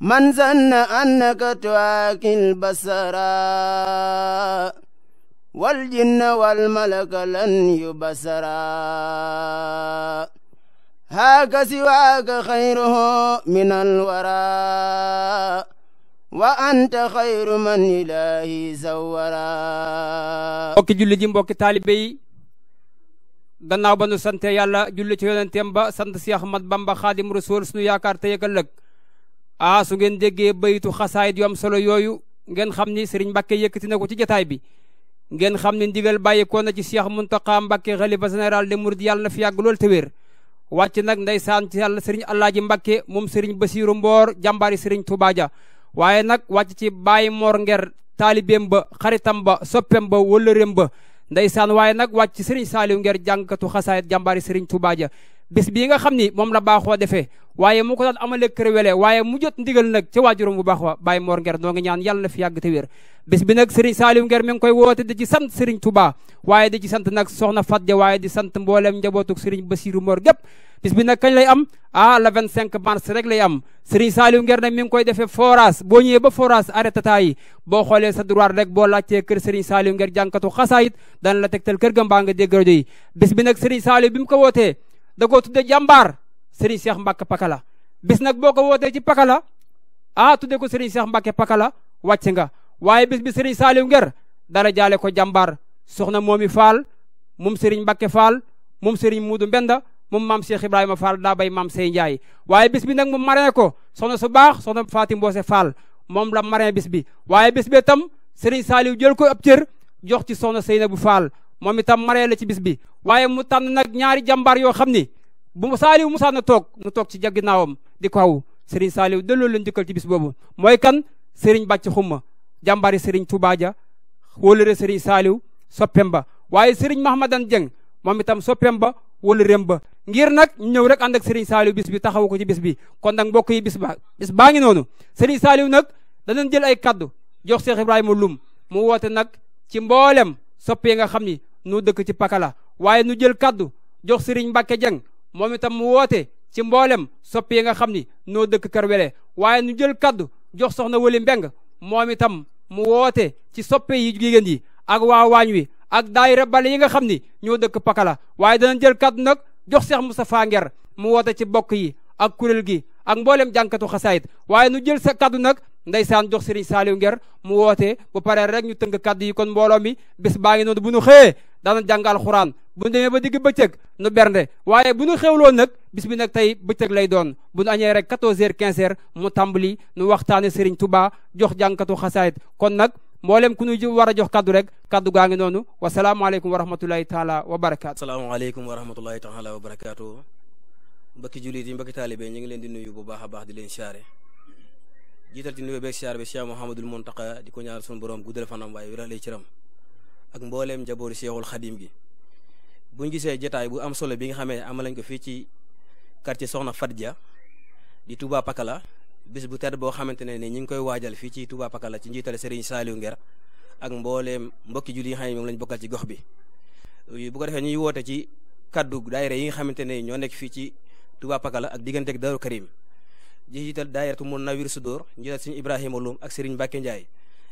من ظن أنك تواكي البصر والجن والملك لن يبصرا هاك سواك خيره من الورى وأنت خير من إلهي زورا mbokki julli ji mbokki taalibe yi gannaaw ba nu sante yàlla julli ci yonenteem ba sant si Ahmad Bamba Xaadim Rasuul sunu yaakaar tey ak ah su ngeen déggee baytu xasaayit yu am solo yooyu ngeen xam ni sëriñ Mbàkke yëkkati na ko ci jataay bi ngeen xam ni ndigal bàyyikoo na ci Cheikh Muntaqa Mbàkke xalifa général des mourides yàlla na fi yàgg lool te wér wàcc nag ndeysaan ci yàlla sëriñ Alaaji Mbàkke moom sëriñ Basiiru Mboor jàmbaari sëriñ Tuubaa ja waaye nag wàcc ci Baay Mor Nger taalibeem ba xaritam ba soppem ba wëllëreem ba ndeysaan waaye nag wàcc ci sëriñ Saaliw Nger jàngkatu xasaayit jàmbaari sëriñ Tuubaa bis bii nga xam ni moom la baaxoo defee waaye mu ko daan amale kër wele waaye mu jot ndigal nag ci waajuram bu baax wa Baye Mor Nguer noo ngi ñaan yàlla na fi yàgg te wér bis bi nag Serigne Saliou Nguer koy woote di ci sant Serigne Touba waaye di ci sant nag soxna Fatja waaye di sant mboolem njabootug Serigne Bassirou Mor gépp bis nag kañ lay am ah le 25 mars rek lay am Serigne Saliou Nguer nag mi koy defee forage boo ñëwee ba forage arrêté taa boo la tegtal kër ga mbaa nga dégg rajo yi bis bi nag Serigne bi mu ko wootee da koo tudde jàmbaar Serigne Cheikh Mbacke Pakala bis nag boo ko wootee ci Pakala ah tudde ko Serigne Cheikh Mbacke Pakala wàcc nga waaye bis bi Serigne Saliou Nguer dara jaale ko jàmbaar soxna moomi faal moom Serigne Mbacke Fall moom Serigne Muudu Mbenda moom maam Cheikh Ibrahima Fall daa bay maam Sey Ndiaye waaye bis bi nag mu marraine ko soxna su baax soxna Faati Mboose Fall moom la marraine bis bi waaye bis bi tam Serigne Saliou jël ko ab cër jox ci soxna Seynabou Fall moom itam maree la ci bis bi waaye mu tànn nag ñaari jàmbaar yoo xam ni bu saaliw musaan na toog nu toog ci jagginnaawam di ko aw sëriñ saaliw delloo leen njëkkal ci bis boobu mooy kan sëriñ bàcc xumma jàmbaari sëriñ Tuubaa ja wóolëre sëriñ saaliw soppem ba waaye sëriñ mahamadan jeng moom itam soppem ba wóolëreem ba ngir nag ñëw rek ànd ak sëriñ saaliw bis bi taxawu ko ci bis bi kon nag mbokk yi bis ba bis baa ngi noonu sëriñ saaliw nag danañ jël ay kaddu jox Cheikh Ibrahima Loum mu woote nag ci mboolem soppe nga xam ni nu dëkk ci pakala waaye nu jël kaddu jox sëriñ Mbacke Dieng moom itam mu woote ci mboolem soppi yi nga xam ni noo dëkk kër waaye nu jël kaddu jox soxna Wali Mbeng moom itam mu woote ci soppe yi jigéen yi ak waa waañ wi ak daayira bale yi nga xam ni ñoo dëkk pakala waaye dana jël kaddu nag jox Seex mu Moustapha Nguer mu woote ci bokk yi ak kuréel gi ak mboolem jànkatu xasaayit waaye nu jël kaddu nag saan jox Serigne Saliou Nguer mu woote bu paree rek ñu tëng kaddu yi kon mbooloo mi bés baa ngi noonu bu ñu xëyee daana jàngal xuraan bu ñu demee ba digg bëccëg nu bernde waaye bu ñu xewloo nag bis bi nag tey bëccëg lay doon bu ñu añee rek 14 heures 15 heures mu tàmbali nu waxtaane Serigne Touba jox jànkatu xasaayit kon nag mboolem ku ñu war a jox kaddu rek kaddu gaa ngi noonu wasalaamaaleykum wa rahmatulahi taala wa barakaatu asalaamaaleykum wa rahmatulahi taala wa barakaatu mbokki jullit yi mbokki taalibe ñu ngi leen di nuyu bu baax a baax di leen siyaare jiital ci nuyoo beeg siyaar bi Cheikh Mouhamadul Mountakha di ko ñaar suñu borom guddal fanam waaye wéral lay ciram ak mbooleem njaboori Cheikhul Xadim gi buñ gisee jotaay bu am solo bi nga xamee am nañ ko fii ci quartier Soxna Fadja di Touba Pakala bis bu tedd boo xamante ne ni ñu ngi koy waajal fii ci Touba Pakala ci njiitale Serigne Saliou Nguer ak mbooleem mbokki julli yi nga lañ bokkal ci gox bi bu ko defee ñuy woote ci kaddu daayira yi nga xamante ne ñoo nekk fii ci Touba Pakala ak digganteeg Daaru Karim jiital daairatu mun nawir sudóor njiital sëriñ Ibrahima Loum ak sëriñ Mbàkke Njaay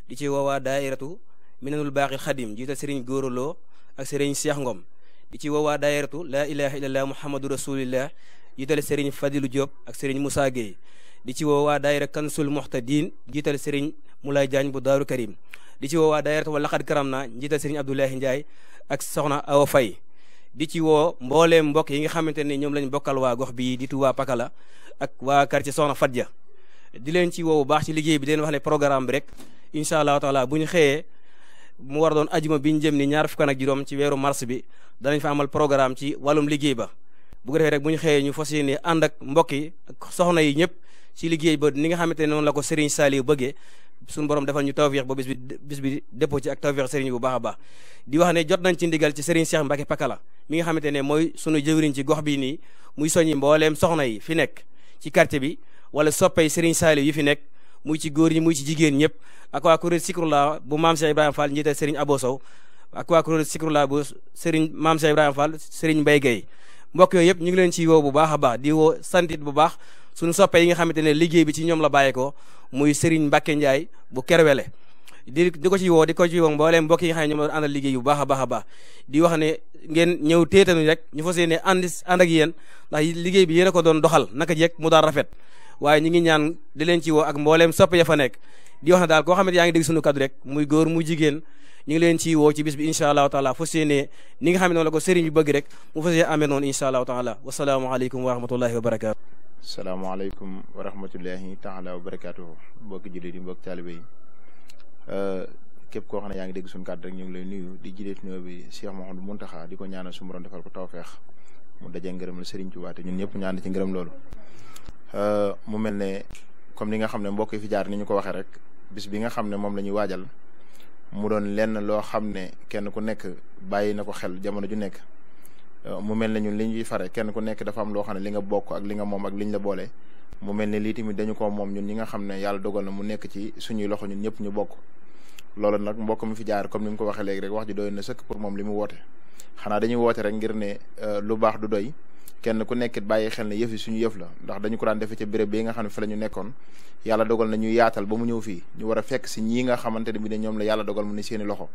di ci woowaa daairatu minanul baaxil xadim jiital sëriñ Góora Lo ak sëriñ Seex Ngom di ci woowaa daairatu laa ilaha illallah muhammadu rasulillah jiital sëriñ Fadilu Diop ak sëriñ Moussa Gueye di ci woowaa daayira kansul muhtadin jiital sëriñ Moulay Diagne bu Daaru Karim di ci woowaa daayiratu wa laqad karam na njiital sëriñ Abdoulaye Ndiaye ak soxna Awa Faye di ci woo mbooleem mbokk yi nga xamante ne ñoom lañ bokkal waa gox bii di Touba Pakala ak waa quartier Soxna Fadja di leen ci bu baax ci liggéey bi di leen wax ne programme bi rek incha allahu taala bu ñu xëyee mu war doon ajuma bi ñu jëm ni ñaar fukk ak juróom ci weeru mars bi danañ fa amal programme ci wàllum liggéey ba bu ko defee rek bu ñu xëyee ñu fas yéene ànd ak mbokk yi ak soxna yi ñëpp ci liggéey ba ni nga xamante ne noonu la ko Serigne Saliou bëggee suñu borom defal ñu tawfeex ba bis bi bis bi dépôt ci ak tawfeex bu baax a baax wax ne jot nañ ci ndigal ci Serigne Cheikh Mbacke Pakala mi nga xamante ne mooy sunu jëwriñ ci gox bi nii muy soñi mbooleem soxna yi fi nekk ci quartier bi wala soppey Serigne Saliou yi fi nekk muy ci góor ñi muy ci jigéen ñëpp ak waa kuréel la bu maam Cheikh Ibrahima Fall njiital Serigne Abo Sow ak waa kuréel Sikrullah bu Serigne maam Cheikh Ibrahima Fall Serigne Mbaye Gueye mbokk yooyu yëpp ñu ngi leen ciy woo bu baax a baax di woo santit bu baax suñu soppe yi nga xamante ne liggéey bi ci ñoom la bàyyeekoo muy Serigne Mbacke Ndiaye bu Kerwele di di ko ci woo di ko ci woo mbooleem mbokk yi nga xam ne ñoom àndal liggéey bu baax a baax a baax di wax ne ngeen ñëw téetanuñ rek ñu fas yéene and ànd ak yéen ndax liggéey bi yéen ko doon doxal naka jekk mu daal rafet waaye ñi ngi ñaan di leen ci woo ak mbooleem sapp ya nekk di wax ne daal koo xam ne yaa ngi dégg sunu kaddu rek muy góor mu jigéen ñu ngi leen ci woo ci bis bi incha allahu taala fas yéene ni nga xam ne noonu la ko sëriñ bi bëgg rek mu fas yéene amee noonu incha allahu taala wasalaamaaleykum wa rahmatullahi wa barakaatu salaamaaleykum wa rahmatullahi taala wa barakaatuhu mbokki Euh, képp koo xam ne yaa ngi dégg suñu kàddu rek ñu ngi lay nuyu di jiite nuyoo bi Cheikh Mouhamadou Mountakha di ko ñaanal suñu borom defal ko tawfeex mu daje ngërëm la Serigne Touba te ñun ñëpp ñaan ci ngërëm loolu. Euh, mu mel ne comme ni nga xam ne mbokk yi fi jaar ni ñu ko waxee rek bis bi nga xam ne moom la ñuy waajal mu doon lenn loo xam ne kenn ku nekk bàyyi na ko xel jamono ju nekk Euh, mu mel na ñun li ñuy fare kenn ku nekk dafa am loo xam ne li nga bokk ak li nga moom ak li ñu la boole mu mel ni lii tamit dañu ko moom ñun ñi nga xam ne yàlla dogal na mu nekk ci suñuy loxo ñun ñëpp ñu bokk loolu nag mbokk mi fi jaar comme ni mu ko waxee léegi rek wax ji doy na sëkk pour moom mu woote xanaa dañuy woote rek ngir ne euh, lu baax du doy kenn ku nekkit bàyyi xel ne yëf suñu yëf la ndax dañu ko daan defee ca béréb bi nga xam ne fi la ñu nekkoon yàlla dogal na yaatal ba mu ñëw fii ñu war a fekk si ñii nga xamante ne bi ne ñoom la yàlla dogal mu ne seeni loxo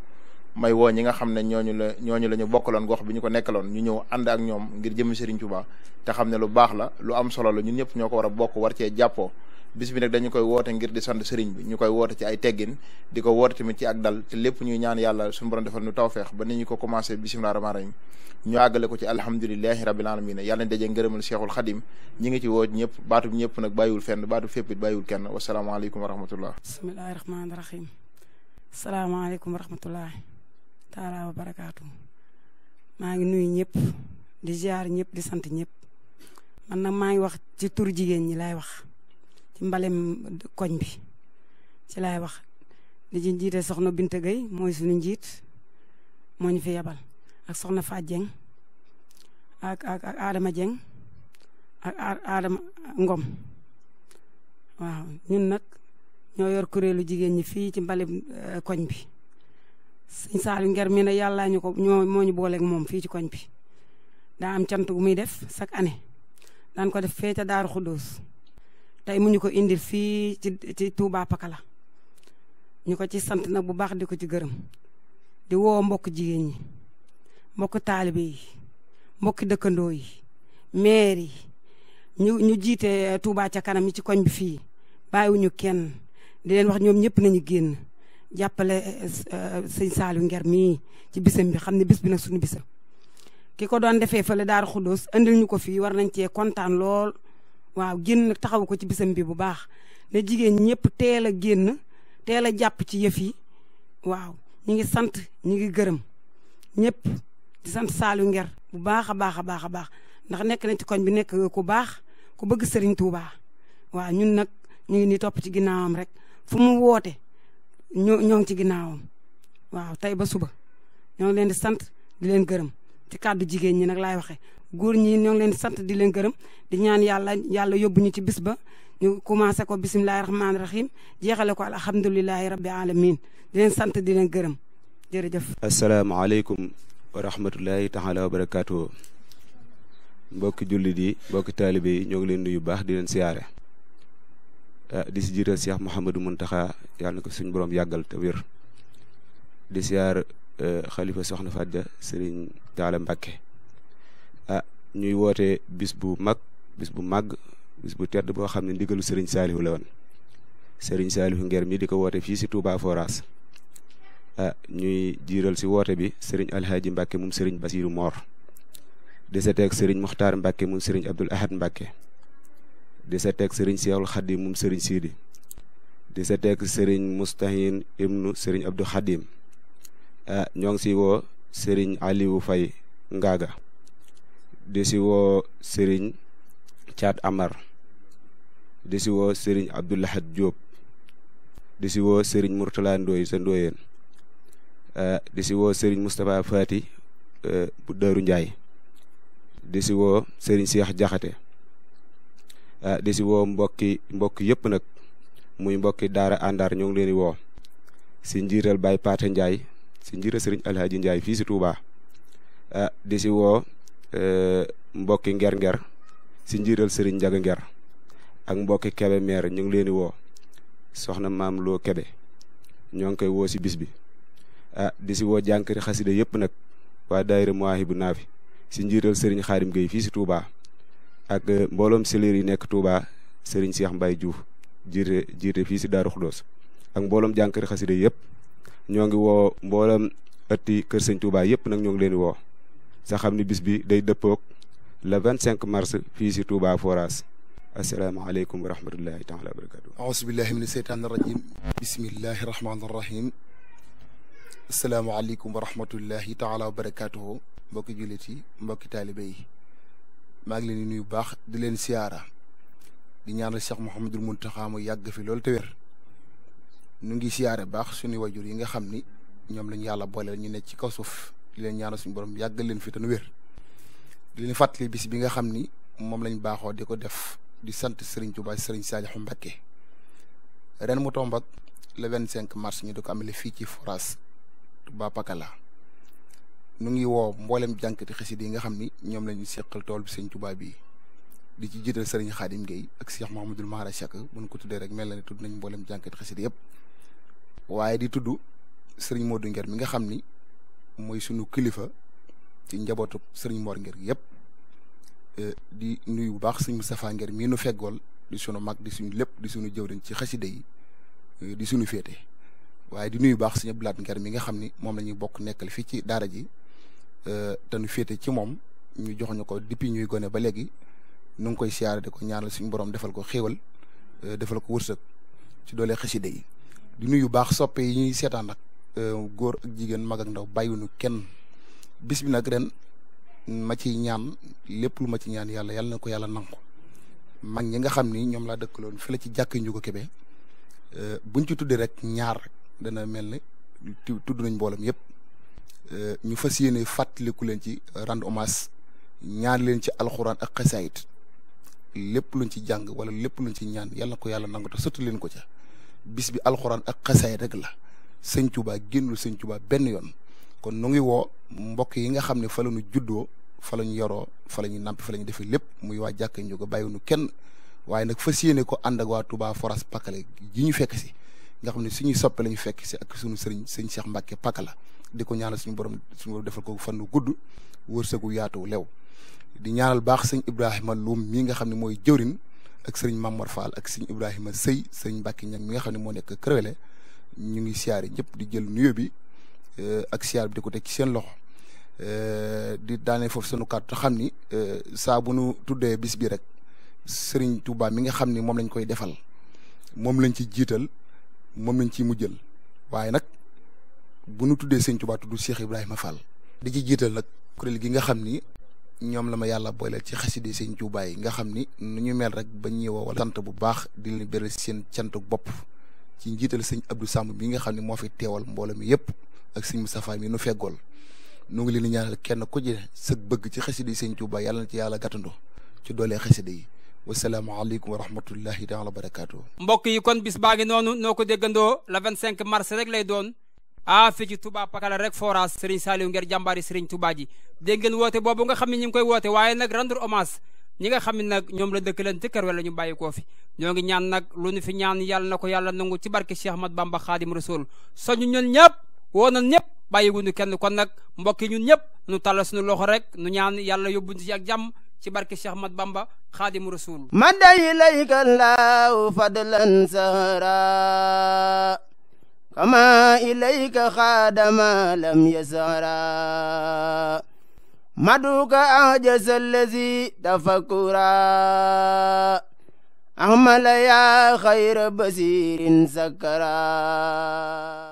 may woo ñi nga xam ne ñooñu la ñooñu loon ñu gox bi ñu ko nekkaloon ñu ñëw ànd ak ñoom ngir jëm Serigne Touba te xam ne lu baax la lu am solo la ñun ñëpp ñoo ko war a bokk war cee jàppoo bis bi nag dañu koy woote ngir di sant Serigne ñu koy woote ci ay teggin di ko woote tamit ci ak lépp ñuy ñaan yàlla suñu borom defal ñu tawfeex ba ni ñu ko commencé bisimilah rahmaani rahim ñu àggale ko ci alhamdulilahi rabil alamina yàlla daje ngërëmal Cheikhul Xadim ñi ngi ci woo ñëpp baatu ñëpp nag bàyyiwul fenn baatu fépp it bàyyiwul kenn wasalaamaaleykum wa rahmatullah bismillahi rahmaani rahim salaamaaleykum wa taala barakaatu maa ngi nuyu ñëpp di ziar ñëpp di sant ñëpp man nag maa ngi wax ci tur jigéen ñi laay wax ci mbalem koñ bi ci lay wax di ci njiite soxna Binta Gueye mooy suñu njiit moo ñu fi yebal ak soxna Faat Jeng ak ak Adama Jeng ak Adama Ngom waaw ñun nag ñoo yor kuréelu jigéen ñi fii ci mbalem eh, koñ bi sëñ Saliou Nguer mi ne yàllaa ñu ko ñoo moo ñu booleeg moom fii ci koñ bi daa am cant gu muy def chaque année daan ko def fee ca Daaru Xuddoos tey mu ñu ko indi fii ci ci Touba Pakala ñu ko ci sant nag bu baax di ko ci gërëm di woo mbokk jigéen ñi mbokk taalibe yi mbokk dëkkandoo yi maire yi ñu jiite Touba ca kanam yi ci koñ bi fii bàyyiwuñu kenn di leen wax ñoom ñëpp nañu génn jàppale eh, eh, sëñ Saliou nger mii ci bisam bi xam ne bis bi nag suñu bisam ki ko doon defee fale Daaru xudos andil ñu ko fii war nañ cee kontaan lool waaw génn taxaw ko ci bisam bi bu baax ne jigéen ñëpp teel a génn teel a jàpp ci yëf yi waaw ñu ngi sant ñu ngi gërëm ñëpp ci sant Saliou nger bu baax a baax a baax a baax ndax nekk na ci koñ bi nekk ku baax ku bëgg Serigne Touba waaw ñun nag ñu ngi ni topp ci ginnaawam rek fu mu woote. ñu ngi ci ginnaawam waaw tey ba suba ñoo ngi leen di sant di leen gërëm ci kàddu jigéen ñi nag laay waxee góor ñi ñoo ngi leen di sant di leen gërëm di ñaan yàlla yàlla yóbbu ñu ci bis ba ñu commencé ko bisimilahi rahmaani rahim jeexale ko alhamdulilahi rabbi alamin di leen sant di leen gërëm jërëjëf asalaamaaleykum wa rahmatullahi taala wa barakaatu mbokki jullit yi mbokki taalibe yi ñoo ngi leen yu baax di leen siyaare Eh, di si jiital Cheikh Mouhamadou Mountakha yàlla na ko suñ borom yàggal te wér di siyaar xalifa eh, soxna Fadja Serigne Talla Mbacké ah ñuy woote bis bu mag bis bu màgg bis bu tedd boo xam ne ndigalu Serigne Saliou la woon Serigne Saliou Nguer mi di ko woote fii si Touba Foras ah ñuy jiiral si woote bi sëriñ Alhaji Mbacké moom Serigne Basirou Mor di seteeg Serigne Mokhtar Mbacké moom Serigne Abdoul Ahad Mbacké di sa teg sëriñ Seexul Xadim moom sëriñ Siidi di sa teg sëriñ Mustahin ibnu sëriñ Abdou Xadim ah ñoo ngi si woo sëriñ Aliou fay Ngaaga di si woo Caat Amar di si woo sëriñ Abdoulahad Diop di si woo sëriñ Mourtala sa Ndoyeen ah, di si woo sëriñ Moustapha Fati eh, Njaay di si woo sëriñ Seex Jaxate Eh, di si woo mbokki mbokki yëpp nag muy mbokki daara àndaar ñoo leen di woo si njiiral Baye Paate Ndiaye si njiiral Sëriñ Alhaaji Ndiaye fii si Touba eh, di si woo eh, mbokki nger nger si njiiral Sëriñ Njaga Nger ak mbokki Kebe meer ñu ngi leen di woo soxna maam loo Kebe ñoo ngi koy woo si bis bi di si woo jànkari xasida yëpp nag waa daayira Mawaahibu Naafi si njiiral Sëriñ Xaadim Gueye fii si Touba ak euh, mbooloom sëleer yi nekk Touba sëriñ Cheikh mbay Diouf jiite jiite fii si Daaru Xuddoos ak mbooloom jànkari xasida yëpp ñoo ngi woo mbooloom ëtti kër sëñ Touba yëpp nag ñoo ngi leen di woo sa xam ni bis bi day dëppoog le 25 mars fii si Touba Foras asalaamaaleykum wa rahmatullahi taala wa barakatu aousubillahi min asheytaan irajim bismillahi rahmaani rahim asalaamaaleykum wa rahmatullahi taala wa barakatuhu mbokki jullit yi mbokki taalibe maa ngi leen nuy nuyu baax di leen siyaara di ñaanal Cheikh Mouhamadul Mountakha mu yàgg fi loolu te wér nu ngi siyaare baax suñu wajur yi nga xam ni ñoom lañu yàlla booleel ñu ne ci kaw suuf di leen ñaanal suñu borom yàggal leen fi te nu wér di leen fàttali bis bi nga xam ni moom lañ baaxoo di ko def di sant Serigne Touba Serigne Saliou Mbacké ren mu tombe ak le vingt cinq mars ñu di ko amale fii ci forage Touba Pakala nu ngi woo mboolem jànkati xasida yi nga xam ni ñoom la ñu seqal tool bi sëñ Tuubaa bi di ci jiital sëriñ Xaadim Gueye ak Cheikh Mahamadul Mahara Chak bu ñu ko tuddee rek mel na ne tudd nañ mboolem jànkati di tudd sëriñ Modou Nguer mi nga xam ni mooy sunu kilifa ci njabootu sëriñ moor nger yëpp euh, di nuy bu baax sëñ Moustapha Nguer mii nu feggool di sunu mag di suñu lépp di suñu jëwriñ ci xasida yi euh, di suñu féete waaye di nuyu baax sëñ Abdou Lahad Nguer mi nga xam ni moom la ñuy bokk nekkal fii ci daara ji Euh, te nu féete ci moom ñu jox ñu ko depuis ñuy gone ba léegi nu ngi koy siyaare di ko ñaanal suñu borom defal ko xéewal euh, defal ko wërsëg ci doole xaside yi nu nuyu baax soppe yi ñuy seetaan nag euh, góor ak jigéen mag ak ndaw bàyyiwuñu kenn bis bi nag ren ma ciy ñaan lépp lu ma ci ñaan yàlla yàlla na ko yàlla nangu mag ñi nga xam ni ñoom laa dëkkaloon fi la ci jàkk ñu ko kebe buñ ci tuddee rek ñaar dana mel ne tudd nañ mboolem yëpp Euh, ñu fas yéene fàttaliku leen ci rendre hommage ñaan leen ci alxuraan ak xasaayit lépp luñ ci jàng wala lépp luñ ci ñaan yàlla ko yàlla nangu te sotti leen ko ca bis bi alxuraan ak xasaayit rek la sëñ Tuubaa génnul sëñ Tuubaa benn yoon kon nu ngi woo mbokk yi nga xam ne fa la ñu juddoo fa la ñu yoroo fa la ñu namp fa la ñu defee lépp muy waa jàkka ñu ko nu kenn waaye nag fas yéene ko ànd ak waa Touba Foras Pakale ji ñu fekk si nga xam ne suñuy soppe lañu fekk si ak suñu sëriñ sëñ Cheikh Mbacke Pakala di ko ñaanal suñu borom suñu borom fan ko gudd gudd wërsëgu yaatu lew di ñaanal baax sëñ Ibrahima Loum mii nga xam ne mooy jëwrin ak sëriñ Mamor Fall ak sëñ Ibrahima Sëy sëriñ Mbacke ñag mi nga xam ne moo nekk Kërëwele ñu ngi siyaare ñëpp di jël nuyo bi eh, ak siyaar di ko teg ci seen loxo eh, di daane foofu sunu kàddu xam ni eh, saa bu nu tuddee bis bi rek sëriñ Touba mi nga xam ni moom lañ koy defal moom lañ ci jiital moom lañ ciy mujjël waaye nag bu nu tuddee sëñ Tuubaa tudd Cheikh Ibrahima Fall. di ci jiital nag kuréel gi nga xam ni ñoom la ma yàlla booleel ci xaside sëñ Tuubaa yi nga xam ni nu ñu mel rek ba ñëwoo wala sant bu baax di leen beral seen cantu bopp ci njiital sëñ Abdou Samb bi nga xam ne moo fi teewal mbooloo mi yëpp ak sëñ safaan mi nu feggool nu ngi li di ñaanal kenn ku ci sëg bëgg ci xaside sëñ Tuubaa yàlla na ci yàlla gàttandoo ci doolee xaside yi. wasalaamaaleykum wa rahmatullahi taala wa barakaatu. mbokk yi kon bis baa ngi noonu noo ko déggandoo mars rek lay doon ah fii ci Touba Pakala rek forage Serigne Saliou ngir jàmbaari Serigne Touba woote boobu nga xam ne koy woote waaye nag rendre hommage ñi nga xam nag ñoom la dëkkalante kër wala ñu bàyyi koo fi ñoo ngi ñaan nag lu ñu fi ñaan yàlla na ko yàlla nangu ci barke Cheikh Ahmad Bamba Xaadim Rasul soñu ñun ñëpp woo na ñëpp bàyyi wuñu kenn kon nag mbokk ñun ñëpp nu tàllal suñu loxo rek nu ñaan yàlla ci barke Cheikh Ahmad Bamba xaadimu rasul mada ilayka allahu fadlan sahra kama ilayka xaadama lam yasara maduka ajaza allazi tafakkura ahmala ya xayra basirin sakara